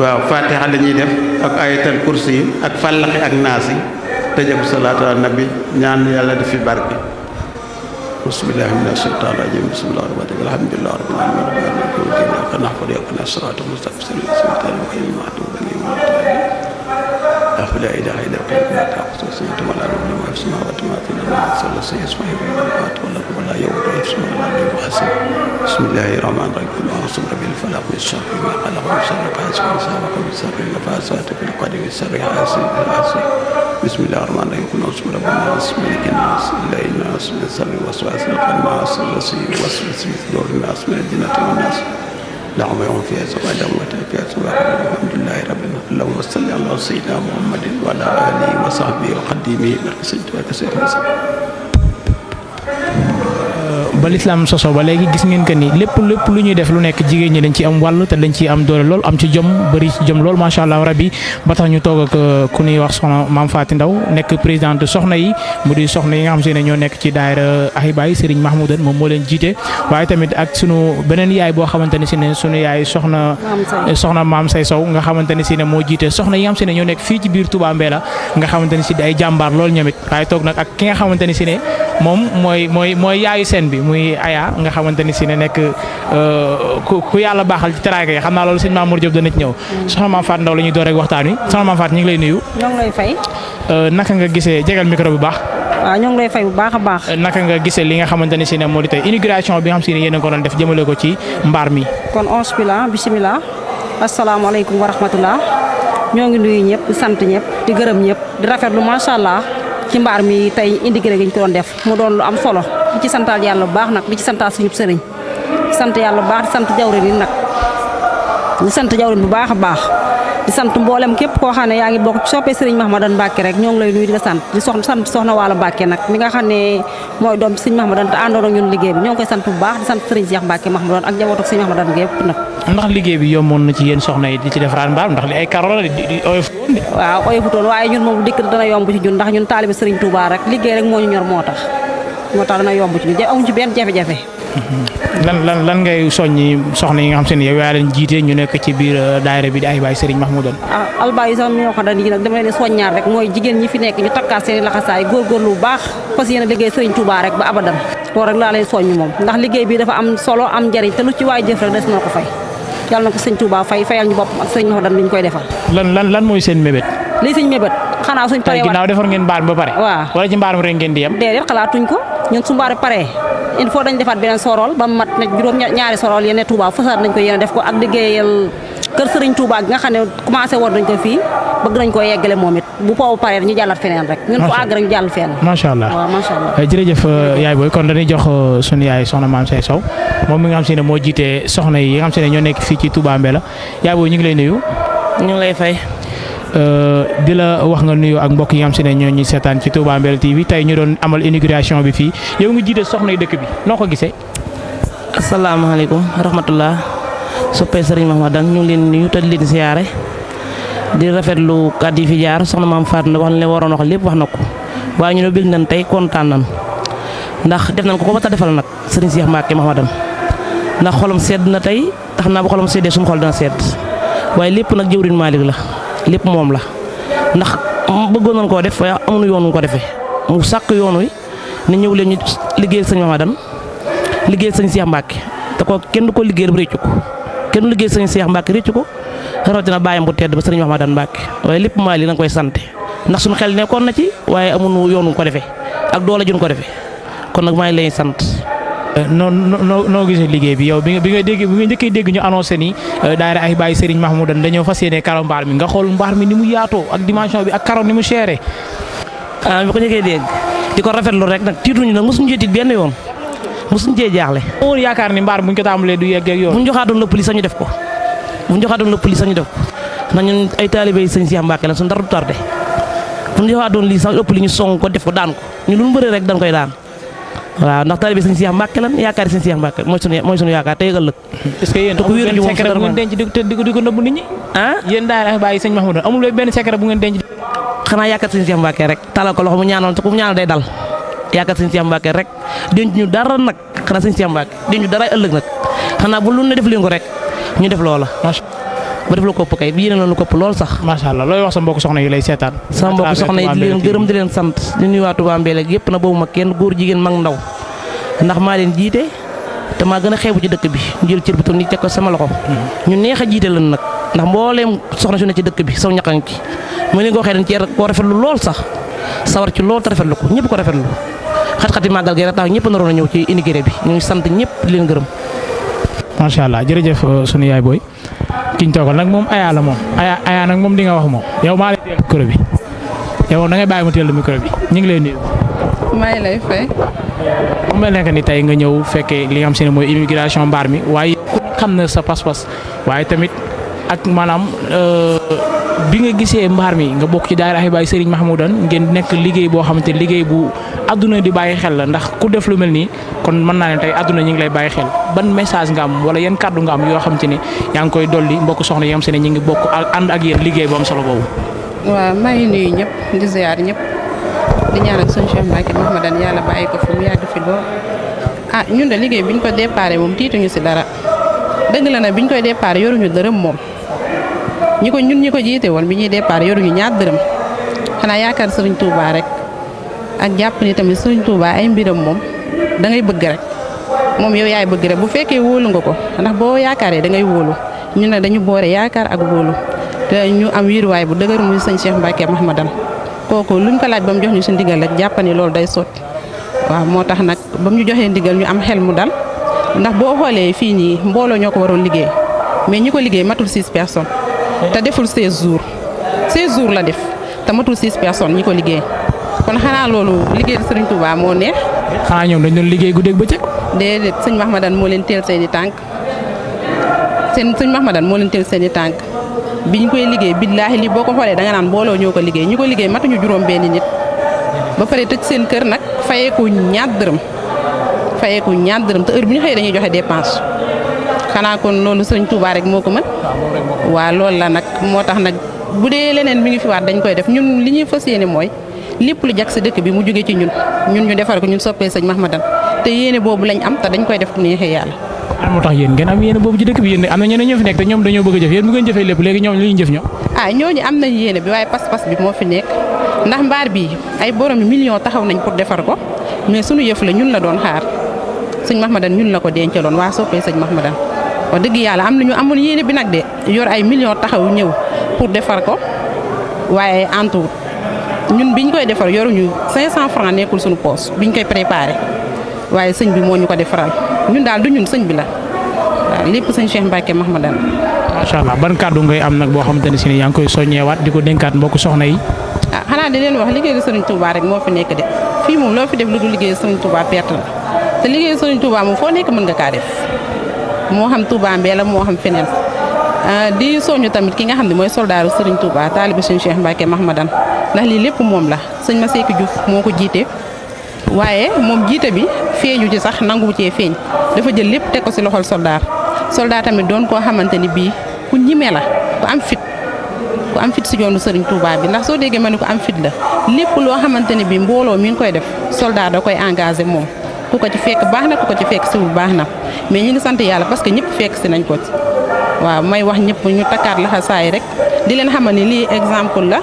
waaw fatiha la ñuy def ak ayatal kursi yi ak fàllaxi ak naas yi tëje ko salaatu ala nabi ñaan yàlla def fi barke bismillahi mina shaytaan rajim bismillahi rahmani rahim alhamdulillahi rabbil alamin maliki yawmi din iyyaka na'budu wa iyyaka nasta'in ihdinas siratal mustaqim siratal ladzina an'amta alayhim ghayril maghdubi alayhim wa lad-dallin الله لا إله إلا هو لا تأخذ سنة ولا نوم ما في السماوات ما في الأرض من صلى سيسمعه ولا نعات ولا ولا يوم يحسن ولا نوم حسن بسم الله الرحمن الرحيم قل أعصم من الفلق من شر ما خلق من شر حاسد إذا سبق من شر النفاسات في القدر من شر حاسد إذا حسد بسم الله الرحمن الرحيم قل أعصم رب الناس ملك الناس إلا الناس من شر الوسواس الخناس الذي يوسوس في صدور الناس من الجنة والناس لهم يوم فيها سواء دموت فيها سواء الحمد ربنا لو وسلم على سيدنا محمد وعلى اله وصحبه وقدمه بالقسط وكسر ba lislaam sosoo ba léegi gis ngeen que ni lépp lépp lu ñuy def lu nekk jigéen ñi dañ ci am wàll te dañ ci am doole lool am ci jom bëri ci jom lool macha allah rabi ba tax ñu toog ak euh, ku ñuy wax soxna Maam Ndaw nekk présidente soxna yi mu di soxna yi nga xam se ne ñoo nekk ci daayira Ahibaay Serigne Mahmoudan moom moo leen jiite waaye tamit ak sunu beneen yaay boo xamante ne si ne sunu yaay soxna eh, soxna Maam Say Sow nga xamante ne si ne moo jiite soxna yi nga xam se ne ñoo nekk fii ci biir Touba Mbella nga xamante ne si ay jàmbaar ñoomit toog nag ak ki nga xamante ne si ne moom mooy mooy mooy yaayu seen bi muy aya nga xamanteni ci ne nek euh ku yalla baxal ci traay yi xamna lolou seigne Mamour Diop dana ci ñew soxna Mame fat Ndaw lañuy ñuy door rek waxtaan wi soxna Mame fat ñi ngi lay nuyu ñong lay fay euh, naka nga gisee jégal micro bu baax wa ah, ñong lay fay bu baaxa baax euh, naka nga gisee li nga xamanteni ci ne modi di inauguration bi nga xam si ne yéen ko doon def jëmele ko ci mbar mi kon onze pila bismillah alaykum wa rahmatullah ñong ngi nuyu ñep sant ñep di gëreem ñep di rafetlu sha allah ci mbaar mi tey indigré gi ñu ko def mu doon lu am solo di ci santaal yàlla bu baax nag di ci santaal suñu sëriñ sant yàlla bu baax di sant jawrin yi nag di sant jawrin bu baax a baax di sant mbollem kep ko xane yaangi bok ci soppe Serigne mahamadan Mbacke rek ñong lay nuy di la sant di soxna sant soxna Wala Mbacke nak mi nga xane moy dom Serigne mahamadan ta andor ak ñun liggéey bi ñong koy sant bu baax di sant Serigne Cheikh Mbacke mahamadan ak jabotok Serigne mahamadan gep nak ndax liggéey bi yomon na ci yeen soxna yi di ci def ran baam ndax li ay karo la di oyof waaw ton waye ñun mom dikk dana yomb ci ñun ndax ñun taalibe Serigne Touba rek liggéey rek mo ñu ñor motax motax moo dana yomb ci ñu jé amuñ ci ben jafé jafé lan lan lan ngay soññi soxna yi nga xam se ne leen jiite ñu nekk ci biir euh, daayira bi di ay baay Serigne Mahmoudan ah albaay yi sax ñoo nekk ñu takkaat seen i laxasaay góorgóorlu bu baax fas ba abadan loolu rek laa bi dafa am solo am njëriñ te lu ci waay jëf rek koy defal lan mooy seen mébét lii sëñ mébét xanaa suñ paree ginnaaw defar ngeen mbaar ba pare waaw wala ci mbaar rek xalaatuñ ko ñun su mbaare paree il faut dañ defaat beneen sorol ba mat na juróom ñaari sorol yene Touba fasaat nañ ko yéene def ko ak liggéeyal kër Serigne Touba gi nga xam ne commencé woon dañ ko fii bëgg nañ ko yeggale moom it bu poow paree ñu jàllat feneen rek ñun ko àgg rek ñu jàll feneen macha allah waaw macha allah eh, jërëjëf eh, yaay booy kon dañuy jox eh, sunu yaay soxna maam say sow moom mi nga si ne moo jiitee soxna yi nga si ne ñoo nekk fii ci Touba Mbella yaay booy ñu ngi lay nuyu ñu ngi lay fay Euh, dila la wax nga nuyoo ak mbokk yi nga xam si ñoo ñuy seetaan ci Touba Mbéll TV tey ñu doon amal inauguration bi fii yow nga jiite soxna dëkk bi noo ko gisee. asalaamaaleykum rahmatullah soppee sëriñ Mahmadan ñu leen nuyu te di leen siyaare di rafetlu kàddu fi jaar soxna maam Faat na wax ne waroon wax lépp wax na ko waaye ñu ne bëgg nañ tey kontaan nañ ndax def nañ ko ko ta defal nag sëriñ Cheikh Mbacke Mahmadan ndax xolam sedd na tey tax bu xolam xol dana sedd la lépp moom la ndax bëggoon nañ koo def waaye amuñu yoonu ko defee mu sàkk yoon wi ne ñëw leen ñu liggéeyal ma Mamadan liggéeyal sëñ Cheikh Mbacke te ko kenn du ko liggéey bu réccu ko kenn liggéeyal sëñ Cheikh Mbacke réccu ko rawatina bàyyam bu tedd ba sëñ Mamadan Mbacke waaye lépp maa li na koy sant ndax suñu xel nekkoon na ci waaye amuñu yoonu ko defee ak doole juñ ko defee kon nag maa ngi sant. Euh, noo noo noo gisee liggéey bi yow bi nga bi nga dégg bi nga njëkkee dégg ñu annoncé ni euh, daayira Ahibahi Serigne Mahmoudane dañoo fas yéene karo mbaar mi nga xool mbaar mi ni mu yaatoo ak dimension bi ak karo ni mu seere. ah bi ko njëkkee dégg di ko rafetlu rek nag tiituñu nag mosuñu cee tiit benn yoon mosuñu cee jaaxle. moo yaakaar ni mbaar buñ ko tàmbalee du yegg ak yoon. buñ joxaadoon lépp li sañu def ko buñ joxaadoon lépp li sañu def ko ndax ñun ay taalibe yi sëñ Cheikh Mbacke la suñu dara du tardé buñ joxaadoon li sax ëpp li ñu song ko def ko daan ko ñu lu mu waaw ndax taalibe sëñ Cheikh Mbacke lan yaakaar sëñ Cheikh Mbacke mooy sunu mooy sunu yaakaar tey ëllëg est-ce que amul secret bu ngeen denc di ko di ko nit ñi ah yéen daara bàyyi sëñ Mahmoud amul benn secret bu ngeen denc xanaa yaakaar sëñ Cheikh Mbacke rek talal ko loxo mu ñaanal te mu ñaanal day dal yaakaar sëñ Cheikh Mbacke rek denc ñu dara nag xanaa sëñ Cheikh Mbacke denc ñu dara ëllëg dia xanaa bu lu ne def leen ko rek ñu def loola ba def la ko pokay bi bii nag la ñu kopp lool sax. sha allah loy wax sa mbokk soxna yi lay seetaan. sa mbokk soxna yi di len gërëm di len sante di nuyuwaat Touba Mbélék yëpp na boobu ma kenn goor jigen mag ndaw ndax ma len jité te ma gëna xébu ci dëkk bi jël ciir bu tok ni ci ko sama loxo. ñu neexa jité lan nak ndax mbolem soxna su ne ci dëkk bi saw ñaqan ci ma leen ko waxee dañ ci koo rafetlu lol sax sawar ci lol te rafetlu ko ñepp ko rafetlu xat-xati magal gi rek tax ñepp na a ñëw ci inigré bi ñu sante ñepp ñëpp di leen gërëm. sha allah jërëjëf euh, suñu yaay boy kiñ toogal nag moom ayaa la moom ayaa ayaa nag moom di nga wax moom yow maa lay teel micro bi yow moom da ngay bàyyi teel micro bi ñu ngi lay nuyu. maa ngi lay fay. mu mel nekk ni tey nga ñëw fekkee li nga xam si ne mooy mbaar mi waaye xam na sa pas-pas waaye tamit ak maanaam euh, bi nga gisee mbaar mi nga bokk ci daayira Ahibahi Serigne Mahmoudan ngeen nekk liggéey boo xamante ne liggéey bu àdduna di bàyyi xel la ndax ku def lu mel nii kon mën naa ne tey àdduna ñu ngi lay bàyyi xel ban message nga wala yan kàddu nga am yoo xamante ne yaa ngi koy dolli mbokk soxna yi nga xam ne ñu ngi bokk ànd ak yéen liggéey bu am solo boobu. waaw maa ngi nuyu ñëpp di ziar ñëpp di ñaanal sëñ Cheikh Mbacke Mahmoudan yàlla bàyyi ko fi mu yàgg fi lool ah ñun de liggéey bi biñ ko déparé moom tiituñu si dara dëgg la na biñ koy déparé yoruñu dërëm moom ñiko ñun ñiko jité won biñuy départ yoru ñu yoruñu ñaar dërëm xana yaakar serigne Touba rek ak japp ni tamit serigne Touba ay mbiram mom da ngay bëgg rek mom yow yaay bëgg rek bu fekkee wolu nga ko ndax bo yaakaré da ngay wolu ñu ne dañu boore yaakar ak wolu té ñu am way bu dëgër muy serigne Cheikh Mbacke mahamadam kooku luñ ko laaj bam jox ñu si digal rek jàpp ni loolu day sot wa motax nak bam ñu joxé digal ñu am xel mu dal ndax bo xolé fi nii mbolo ñoko waron liggéey mais ñiko liggéey matul 6 personnes te deful 16 jours 16 jours la def te matul 6 personnes ñi ko liggéey kon xanaa loolu liggéey Serigne Touba moo neex. xanaa ñoom dañ doon liggéey ba bëccëg. déedéet sëñ Mahmadan moo leen teel seen i tànk seen sëñ Mahmadan moo leen teel seen i tànk ñu koy liggéey billaahi li boo ko xoolee da naan mbooloo ñoo ko liggéey ñu ko liggéey ñu juróom benni nit ba pare tëj seen kër nag fayeeku ñaar dërëm fayeeku ñaar dërëm te heure bu ñu xëyee dañuy joxe dépense. xanaa kon loolu sëñ Touba rek moo ko mën. waaw loolu la nag moo tax nag bu dee leneen mi ngi fi dañ koy def ñun li ñuy fas yéene mooy lépp lu jag sa dëkk bi mu jógee ci ñun ñun ñu defar ko ñun soppee sëñ Mahmadan te yéene boobu lañ am dañ koy def bu yàlla. moo tax yéen ngeen am yéene boobu ci dëkk bi yéen am na ñeneen ñoo fi nekk te ñoom dañoo bëgg a jëf yéen bu ngeen jëfee lépp léegi ñoom li ñu jëf ñoom. ah ñooñu am nañ yéene bi waaye pas-pas bi moo fi nekk ndax mbaar bi ay borom million taxaw nañ pour defar ko mais suñu yëf la ñun la doon xaar sëñ Mahmadan ñun la ko dencaloon waa soppee sëñ Mahmadan wax dëgg yàlla am na ñu amul yéene bi nag de yor ay millions taxawu ñëw pour defar ko waaye en tout ñun biñ koy defar yoruñu 500 francs nekkul suñu poos biñ koy préparé waaye sëñ bi moo ñu ko defaral ñun daal du ñun sëñ bi la waaw lépp sëñ Cheikh Mbacke Mahmadan. macha allah ban kàddu ngay am nag boo xamante ne si ne yaa ngi koy soññeewaat di ko dénkaat mbokk soxna yi. ah xanaa di leen wax liggéeyu sëriñ Touba rek moo fi nekk de fii moom loo fi def lu dul liggéeyu sëriñ Touba perte la te liggéeyu sëriñ foo nekk mën nga kaa moo xam Touba Mbé la moo xam feneen euh, di soñu tamit ki nga xam ne mooy soldaaru Serigne Touba taaliba Serigne Cheikh Mbacke Mahmadan ndax lii lépp moom la sëñ Masseck Diouf moo ko jiite. waaye moom jiite bi feeñu ci sax nangu cee feeñ dafa jël lépp teg ko si loxol soldaar soldaar tamit doon koo xamante ni bii ku ñime la ku am fit ku am fit si yoonu Serigne Touba bi ndax soo déggee ma ni ko am fit la lépp loo xamante ne bii mbooloo mi ngi koy def soldaar da koy engagé moom ku ko ci fekk baax na ko ci fekk siwul baax na. mais ñi ngi sant yàlla parce que ñëpp fekk si nañ ko waaw may wax ñëpp ñu takkaat laxa saay rek di leen xamal ni lii exemple la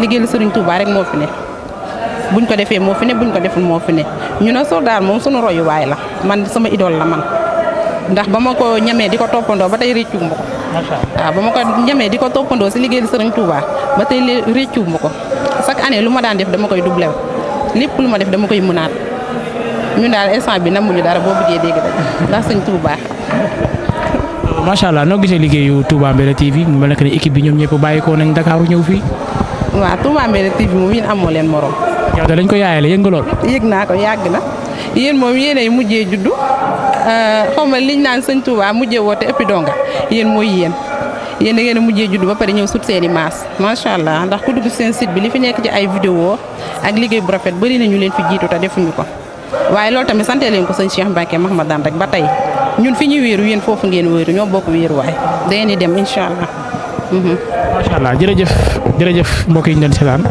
liggéeyal Serigne Touba rek moo fi ne buñ ko defee moo fi ne buñ ko deful moo fi ne ñu ne soldaar moom sunu royuwaay la man sama idole la man ndax ba ma ko ñamee di ko toppandoo ba tey réccu ma ko waaw ba ma ko ñamee di ko toppandoo si liggéeyal Serigne Touba ba tey réccu ma ko chaque année lu ma daan def dama koy doublé lépp lu ma def dama koy mënaat ñun daal instant bi namuñu dara boo bëggee dégg rek ndax suñ Touba. Euh, macha allah noo liggéeyu Touba Mbella TV mu mel ne ni équipe bi ñoom ñëpp bàyyi ko nañ Dakar ñëw fii. waaw Touba Mbella TV moom yéen amoo leen morom. yow da lañ ko yaayale yëg nga lool. yëg naa ko yàgg na yéen moom yéenay mujjee juddu euh, xaw ma liñ naan sëñ Touba mujjee woote ëppi donga yéen mooy yéen. yéen da ngeen a mujjee juddu ba pare ñëw sut seen i maas macha allah ndax ku dugg seen site bi li fi nekk ci ay vidéo ak liggéey bu rafet bëri na ñu leen fi jiitu te defuñu ko. waaye loolu tamit santee leen ko sëñ Cheikh Mbacke Mahmadan rek ba tey ñun fi ñu wéeru yéen foofu ngeen wéeru ñoo bokk wéeruwaay da ngeen di dem incha allah. Mhm. macha jërëjëf jërëjëf mbokk yi ñu doon seetaan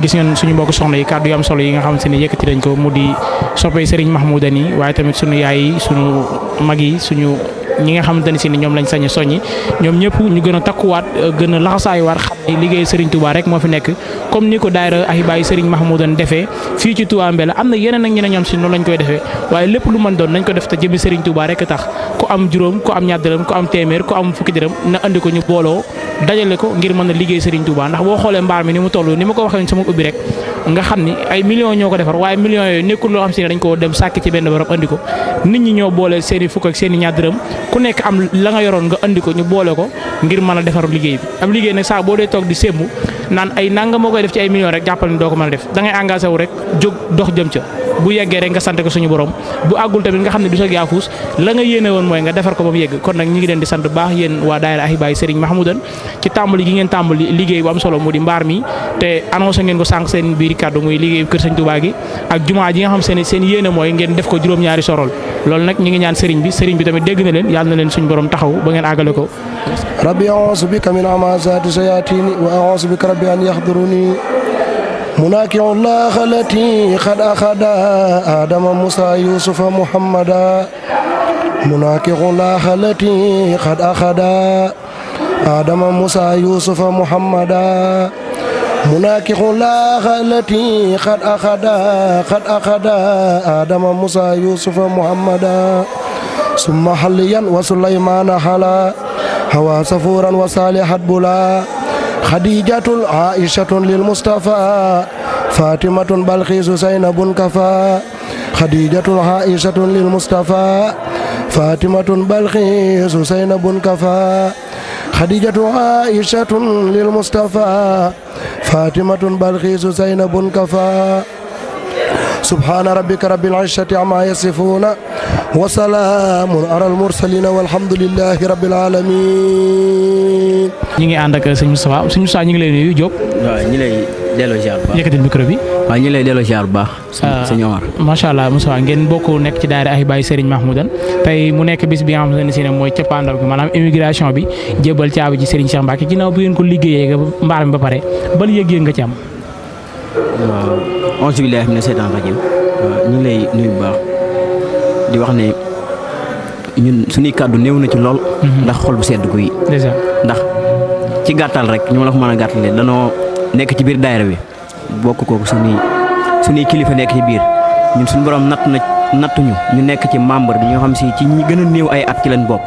gis ngeen suñu mbokk soxna yi kàddu yaam solo yi nga xamante ne yëkkati dañ ko mu di soppee Serigne Mahmoudani waaye tamit suñu yaay yi suñu mag yi suñu ñi nga xamante si ni ñoom lañ sañ a soññi ñoom ñëpp ñu gën a takkuwaat euh, gën a laxasaayuwaat xam ne liggéey Serigne Touba rek moo fi nekk comme ni ko daayira ahibaayu Serigne Mahmoudan defee fii ci Touba Mbella am na yeneen ak ñeneen ñoom si noonu lañ koy defee waaye lépp lu mën doon nañ ko def te jëmmi Serigne Touba rek tax ku am juróom ku am ñaar dërëm am téeméer ku am fukki na andi ko ñu booloo dajale ko ngir mën a liggéey Serigne Touba nga xam ni ay millions ñoo ko defar waaye millions yooyu nekkul loo xam si ne dañ ko dem sàkk ci benn barab andi ko nit ñi ñoo boole seen fukk ak seen i ku nekk am la nga yoroon nga andi ko ñu boole ko ngir mën a defar liggéey bi am liggéey nag saa boo dee toog di sémbu naan ay nanga moo koy def ci ay millions rek jàppal ni doo ko mën a def da ngay engagé wu rek jóg dox jëm ca bu yeggé rek nga santé ko suñu borom bu agul tamit nga xamné ne du sa yaafuus la nga yéné won moy nga defar ko bam yegg kon nak ñi ngi leen di sant baax yéen waa daayira Ahibaay Serigne Mahmoudan ci tambali gi ngeen tambali liggéey bu am solo mu mbar mi té annoncé ngeen ko sank seen biir kàddu muy liggéey keur Serigne Touba gi ak juma ji nga xam seen seen yéné moy ngeen def ko juroom ñaari sorol lool nak ñi ngi ñaan Serigne bi Serigne bi tamit dégg na leen yalla na leen suñu borom taxaw ba ngeen agalé ko rabbi a'udhu bika min amazati sayaatini wa a'udhu bika rabbi an yahduruni مناكع الله التي قد أخذ آدم موسى يوسف محمدا مناكع الله التي قد أخذ آدم موسى يوسف محمدا مناكع الله التي قد أخذ قد أخذ آدم موسى يوسف محمدا ثم حليا وسليمان حلا هوا سفورا وصالحا بلا خديجة عائشة للمصطفى فاطمة بلقيس زينب كفى خديجة عائشة للمصطفى فاطمة بلقيس زينب كفى خديجة عائشة للمصطفى فاطمة بلقيس زينب كفى subhaana rabbika rabbil izzati ammaa yasifuuna wa salaamun alal mursaliina walhamdulillaahi rabbil aalamiin. ñu ngi ànd ak sëñ Moustapha sëñ Moustapha ñu ngi lay nuyu Diop. waaw ñu lay delloo ziar bu baax yëkkatil micro bi. waaw ñu lay delloo ziar bu baax. sëñ ah, Omar macha allah Moustapha ngeen bokk nekk ci daayira Ahibahi Serigne Mahmoudan tey mu nekk bis bi nga xamante ne si ne mooy cappaandaw bi maanaam immigration bi jébal caabi ji Serigne Cheikh Mbacke ginnaaw bi ngeen ko liggéeyee mbaar mi ba pare ban yëg-yëg nga ci am. onze billahi mina seytaan rajim ñu ngi lay nuyu bu baax di wax ne ñun suñuy kàddu néew na ci lool. Mhm. ndax xol bu sedd guy. ndax ci gàttal rek ñu la ko mën a gàttalee danoo nekk ci biir daayira wi bokk kooku suñuy suñuy kilifa nekk ci biir ñun suñ borom natt na nattuñu ñu nekk ci membre bi ñoo xam si ci ñi gën a néew ay at ci lañ bokk.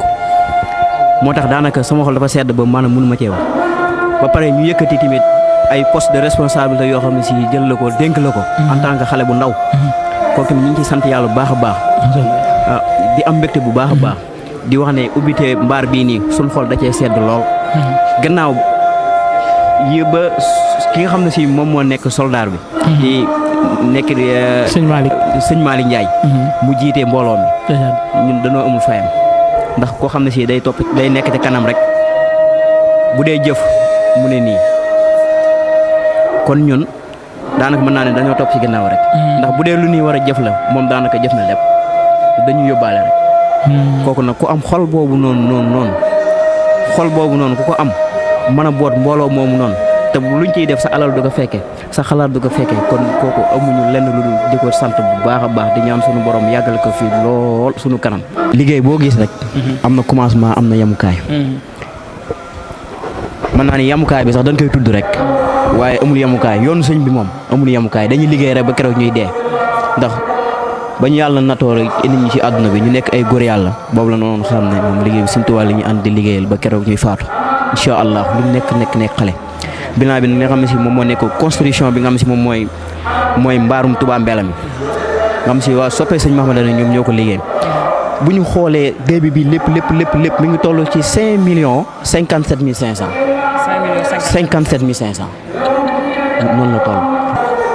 moo tax daanaka sama xol dafa sedd ba maanaam mënu ma cee ba pare ñu yëkkati tamit ay poste de responsabilité yoo xam ne si jël la ko dénk la ko. Mhm. en tant que xale bu ndaw. Mhm. kooku ñu ngi ci sant yàlla baax a baax. Ah, di am mbégte bu baax a mhm. baax. di wax ne ubbite mbaar bii nii suñu xol da cee sedd lool. gannaaw yi ba ki nga xam ne si moom moo nekk soldaar bi. di nekk di. Eh, sëñ Malick sëñ Malick Ndiaye. mu jiite mbooloon mi. ñun dañoo amul fayam. ndax koo xam ne si day topp day nekk ci kanam rek bu dee jëf mu ne nii. kon ñun daanaka mën naa ne dañoo topp ci ginnaaw rek. Hmm. ndax bu dee lu ñuy war a jëf la moom daanaka jëf na lépp dañu yóbbaale rek. Hmm. kooku nag ku am xol boobu noonu noonu noonu xol boobu noonu ku ko am man a boot mbooloo moomu noonu te luñ ciy def sa alal du ko fekke sa xalaat du ko fekkee kon kooku amuñu lenn lu dul di ko sant bu baax a baax di ñaan sunu borom yàggale ko fii lool sunu kanam. liggéey boo gis rek. Hmm. am na commencement am na yemukaay. mën naa ni yamukaay bi sax dañ koy tudd rek waaye amul yamukaay yoonu sëñ bi moom amul yamukaay dañuy liggéey rek ba keroog ñuy dee ndax ba ñu yàlla natoo rek indi ñi ci àdduna bi ñu nekk ay góor yàlla boobu la noonu xam ne moom liggéey bi ba keroog si moom moo nekk construction bi nga xam ne si moom mooy mooy mbaarum Touba Mbella nga xam si waa soppee sëñ Mahamada ñoom ñoo ko liggéey bu ñu xoolee début bi lépp lépp lépp lépp mi ngi toll ci 5 millions 57 mille 500 cinquante-sept mille cinq cent ah, noonu la toll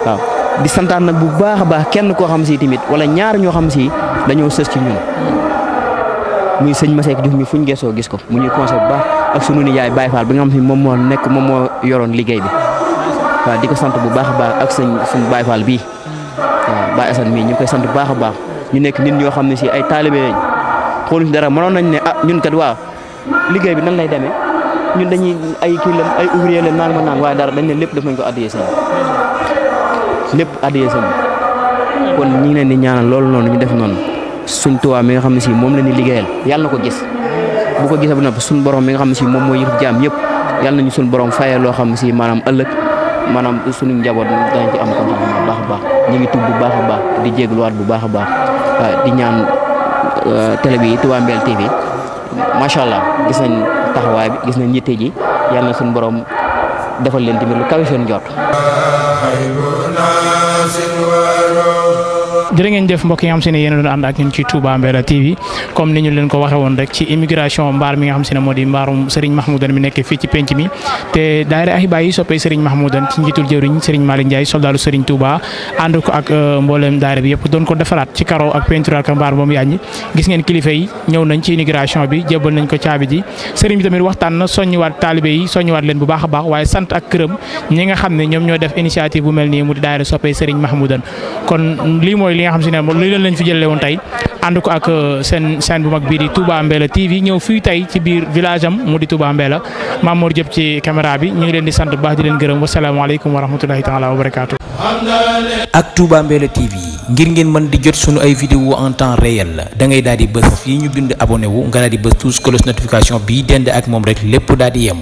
waaw di santaan nag bu baax a baax kenn koo xam si tamit wala ñaar ñoo xam si dañoo sës ci ñun muy sëñ Masek Diouf mi fuñ gesoo gis ko mu ñuy conseil bu baax ak sunu ni yaay Baye Fall bi nga xam si moom moo nekk moom moo yoroon liggéey bi waaw di ko sant bu baax a baax ak sëñ suñu Baye Fall bii waa ba Assane mii ñu ngi koy sant baax a baax ñu nekk nit ñoo xam ne si ay taalibe lañ xooluñ dara mënoon nañ ne ah ñun bi nan lay demee ñun dañuy ay kii leen ay ouvrier leen naan ma naan waaye dara dañ ne lépp def nañ ko addiyee sëñ lépp addiyee sëñ kon ñu ngi leen di ñaanal loolu noonu ñu def noonu suñ tuwaa mi nga ne si moom la ñuy liggéeyal yàlla na ko gis bu ko gisee ba noppi suñ borom mi nga xam ne si moom mooy yëf jaam yëpp yàlla nañu suñ borom fayee loo xam ne si maanaam ëllëg maanaam suñu njaboot danañ ci am kontaan bu baax baax ñu ngi tudd bu baax a baax di jégluwaat bu baax a baax di ñaan euh, télé bi Touba Mbéyel TV macha allah gis nañ taxawaay bi gis nañ njiite ji yàlla na suñu borom defal leen tamit lu kawe seen jot. jërë ngeen jëf mbokk yi nga xam se ne yéen a doon ànd ak ñun ci Touba Mbella TV comme ni ñu leen ko waxee woon rek ci immigration mbaar mi nga xam se ne moo di mbaarum Serigne mi nekk fii ci penc mi te daayira Ahibahi yi euh, bi yëpp ko defaraat ci karo ak peinture ak mbaar moom yaaññi gis ngeen kilifa yi ñëw nañ ci immigration bi jébbal a ne ñoom ñoo def initiative bu mel nii di daayira soppee Serigne Mahmoudane kon lii mooy li nga xam si mo moom loolu lañ fi jëlee woon tay ànd ko ak euh, sen sen bu mag bi di Touba Mbella TV ñew fi tay ci biir village am mu di Touba Mbella Mamour Diop ci caméra bi ñu ngi leen di sante baax di leen salaamu alaykum wa rahmatullahi taala wa barakatuh ak Touba Mbella TV ngir ngeen mën di jot sunu ay vidéo en temps réel da ngay daal di bëss fii ñu bind abonné wu nga daal di bëss tous cloche notification bi dënd ak mom rek lepp daal di yem.